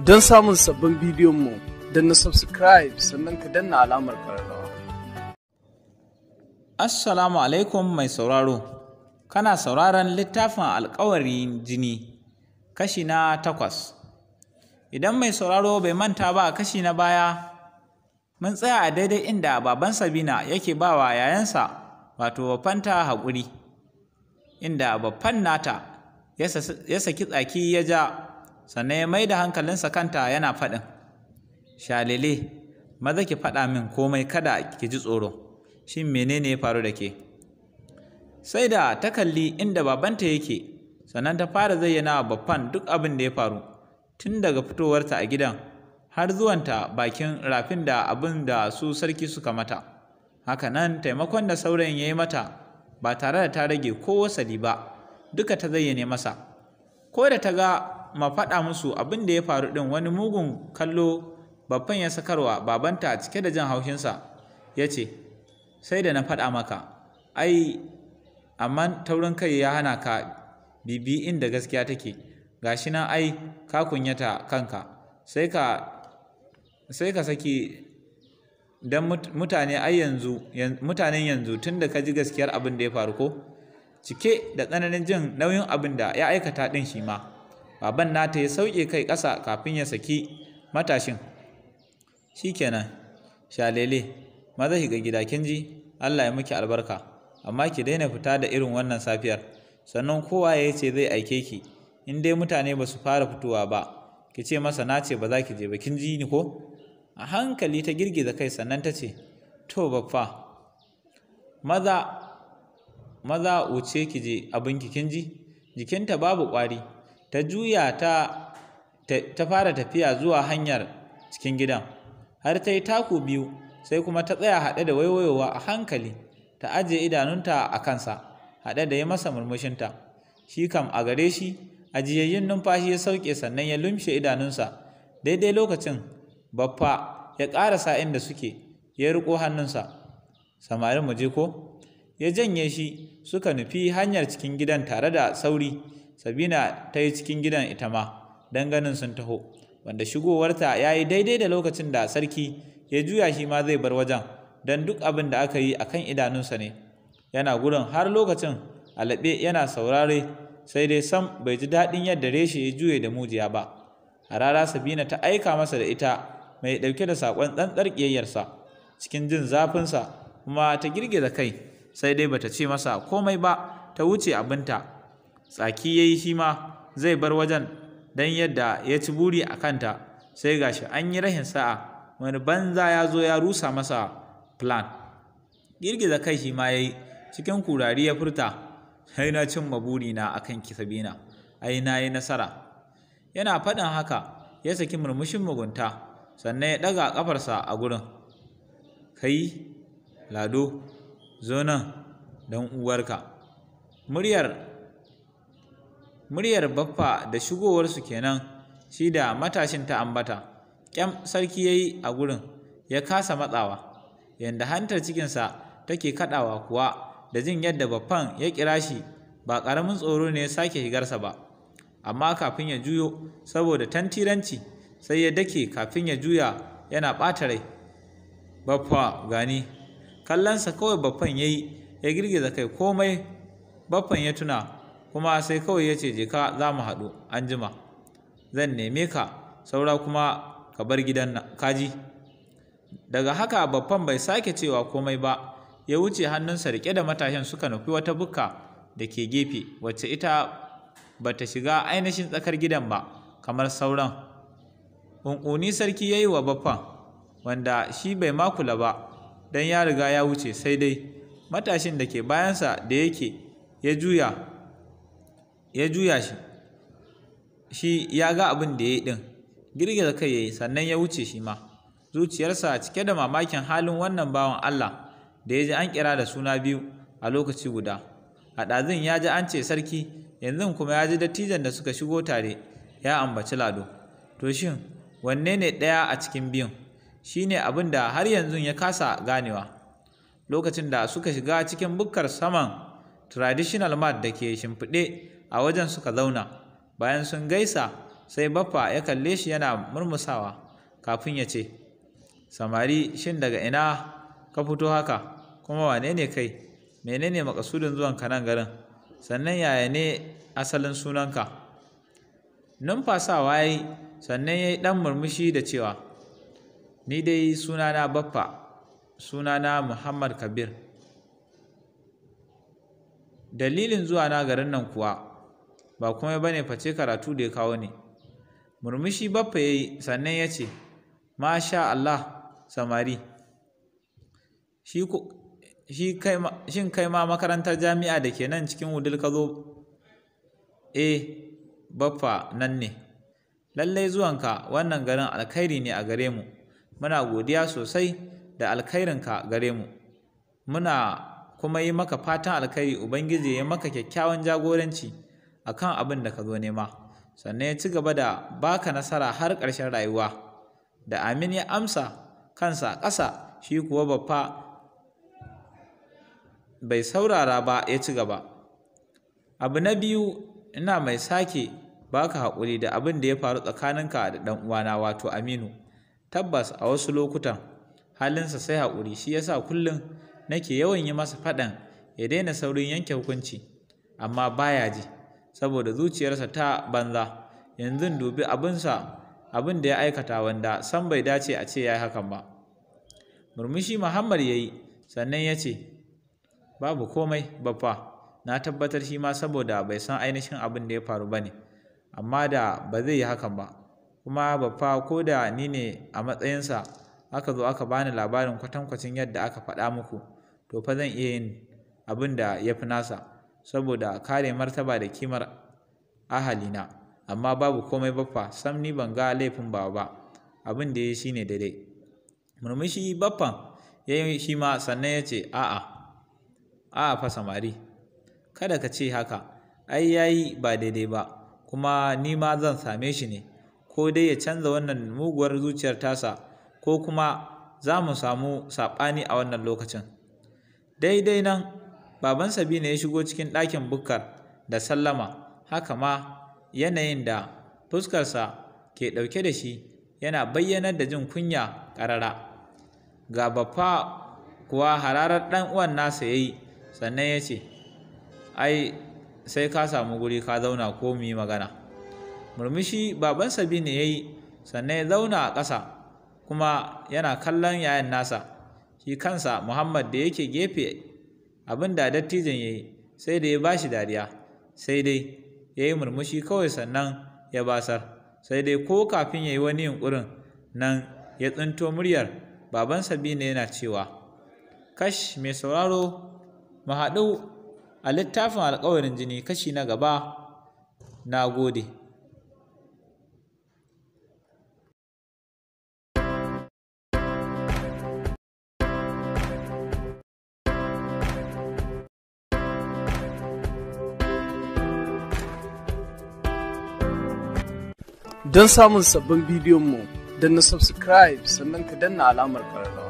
Don samun sabbin bidiyon mu, na subscribe sannan ka danna alamar kararrawa. Assalamu alaikum mai sauraro, kana sauraron littafin alkawarin jini, kashi na takwas. Idan mai sauraro bai manta ba kashi na baya, mun tsaya a daidai inda baban Sabina yake bawa yayansa wato fanta haƙuri, inda babban nata ya saki tsaki ya ja sannan ya mai da hankalinsa kanta yana faɗin shalele maza ki faɗa min komai kada ki ji tsoro shin menene ya faru da ke sai da ta kalli inda babanta yake sannan ta fara zayyana wa babban duk abin da ya faru tun daga fitowarta a gidan har zuwanta bakin rafin da abin da su sarki suka mata haka nan taimakon da saurayin ya yi mata ba tare da ta rage ko wasali ba duka ta zayyane masa ko da ta ga ma faɗa musu abin da ya faru ɗin wani mugun kallo babban ya sakarwa babanta cike da jan haushinsa ya ce sai da na faɗa maka ai amma taurin kai ya hana ka bibi inda gaskiya take gashi na ai ka kunyata kanka sai ka saki don mutane ai yanzu mutanen yanzu tunda ka ji gaskiyar abin da ya faru ko cike da tsananin jin nauyin abin da ya aikata ɗin shi ma baban nata ya sauke kai ƙasa kafin ya saki matashin shi kenan shalele maza shiga gida kin ji Allah ya miki albarka amma ki daina fita da irin wannan safiyar sannan kowa ya ce zai aike ki in dai mutane ba su fara fitowa ba ki ce masa na ce ba za ki je ba kin ji ni ko a hankali ta girgiza kai sannan ta ce to baffa maza maza wuce ki je abinki kin ji jikinta babu ƙwari ta juya ta ta fara tafiya zuwa hanyar cikin gidan har ta yi taku biyu sai kuma ta tsaya haɗe da waiwayowa a hankali ta ajiye idanunta a kansa haɗe da ya masa murmushinta shi kam a gare shi ajiyayyen numfashi ya sauke sannan ya lumshe idanunsa daidai lokacin baffa ya ƙarasa inda suke ya riƙo hannunsa samarin mu je ko ya janye shi suka nufi hanyar cikin gidan tare da sauri sabina ta yi cikin gidan ita ma don ganin sun taho wanda shigowarta ya yi daidai da lokacin da sarki ya juya shi ma zai bar wajen don duk abin da aka yi a kan idanunsa ne yana gurin har lokacin alaɓe yana saurare sai dai sam bai ji daɗin yadda reshe ya juye da mujiya ba a rara sabina ta aika masa da ita mai ɗauke da saƙon tsantsar ƙiyayyarsa cikin jin zafinsa kuma ta girgiza kai sai dai bata ce masa komai ba ta wuce abinta tsaki ya yi shi ma zai bar wajen don yadda ya ci buri a kanta sai ga shi an yi rahin sa'a wani banza ya zo ya rusa masa plan girgiza kai shi ma ya yi cikin kurari ya furta sai na cimma burina akan kisabina ai na yi nasara yana faɗin haka ya saki murmushin mugunta sannan ya ɗaga ƙafarsa a gurin kai lado zo nan don uwarka muryar muryar baffa da shigowarsu kenan shi da matashin ta ambata ƙyam sarki ya yi a gurin ya kasa matsawa yadda hantar cikinsa take kaɗawa kuwa da jin yadda baffan ya kira shi ba ƙaramin tsoro ne sake higarsa ba amma kafin ya juyo saboda tantiranci sai ya dake kafin ya juya yana ɓata rai baffa gani kallonsa kawai baffan ya yi ya girgiza kai komai baffan ya tuna kuma sai kawai ya ce jika zamu za mu haɗu an jima zan neme ka saura kuma ka bar gidan nan kaji daga haka babban bai sake cewa komai ba ya wuce hannunsa rike da matashin suka nufi wata bukka da ke gefe wacce ita ba ta shiga ainihin tsakar gidan ba kamar sauran ƙunƙuni sarki ya yi wa baffan wanda shi bai makula ba don ya riga ya wuce sai dai matashin da ke bayansa da yake ya juya ya juya shi shi ya ga abin da ya yi ɗin girgiza kai ya yi sannan ya wuce shi ma zuciyarsa cike da mamakin halin wannan bawan Allah da ya ji an kira da suna biyu a lokaci guda a ɗazin ya ji an ce sarki yanzu kuma ya ji dattijan da suka shigo tare ya ambaci lado to shin wanne ne ɗaya a cikin biyun shi ne abin da har yanzu ya kasa ganewa lokacin da suka shiga cikin bukkar saman traditional mat da ke shimfiɗe a wajen suka zauna bayan sun gaisa sai baffa ya kalle shi yana murmusawa kafin ya ce samari shin daga ina ka fito haka kuma wane ne kai menene makasudin ka nan garin sannan yaya ne asalin sunanka numfasawa ya sannan ya yi ɗan murmushi da cewa ni dai sunana baffa sunana muhammad kabir dalilin zuwa na garin nan kuwa ba kuma ba ne face karatu da ya kawo ne murmushi baffa ya yi sannan ya ce masha Allah samari shin kai ma makarantar jami'a da ke nan cikin wudil ka zo e baffa nan ne lallai zuwanka wannan garin alkhairi ne a gare mu muna godiya sosai da alkhairinka gare mu muna kuma yi maka fatan alkhairi ubangiji ya maka kyakkyawan jagoranci akan abin da ka zo nema sannan ya ci gaba da baka nasara har ƙarshen rayuwa da amin ya amsa kansa ƙasa shi kuwa baffa bai saurara ba ya ci gaba abu na biyu ina mai sake baka haƙuri da abin da ya faru tsakaninka da ɗan uwana wato aminu tabbas a wasu lokutan halinsa sai haƙuri shi yasa kullum nake yawan yi masa faɗan ya daina saurin yanke hukunci amma baya ji saboda zuciyarsa ta banza yanzu dubi abinsa abin da ya aikata wanda san bai dace a ce ya yi hakan ba murmushi muhammad ya yi sannan ya ce babu komai bafa na tabbatar shi ma saboda bai san ainihin abin da ya faru ba ne amma da ba zai yi hakan ba kuma bafa ko da ni ne a matsayinsa aka zo aka bani labarin kwatankwacin yadda aka faɗa muku to fa zan iya yin abin da ya fi nasa saboda a kare martaba da kimar ahalina amma babu komai baffa sam ni ban ga laifin ba ba abin da ya shi ne daidai murmushi baffan ya yi shi ma sannan ya ce a'a a'a fa samari kada ka ce haka ai yayi ba daidai ba kuma ni ma zan same shi ne ko dai ya canza wannan muguwar zuciyar tasa ko kuma za mu samu saɓani a wannan lokacin daidai nan baban Sabina ya shigo cikin ɗakin bukkar da sallama haka ma yanayin da fuskarsa ke ɗauke da shi yana bayyanar da jin kunya ƙarara ga baffa kuwa hararar ɗan uwan nasa ya yi sannan ya ce ai sai ka samu guri ka zauna ko mu yi magana murmushi baban Sabina ya yi sannan ya zauna a ƙasa kuma yana kallon yayan nasa shi kansa muhammad da yake gefe abin da dattijan ya yi sai da ya ba shi dariya sai dai ya yi murmushi kawai sannan ya basar sai dai ko kafin ya yi wani yunƙurin nan ya tsinto muryar baban sabina yana cewa kash mai sauraro mu haɗu a littafin alƙawarin jini kashi na gaba na gode don samun sabbin bidiyon mu na subscribe sannan ka danna alamar kararra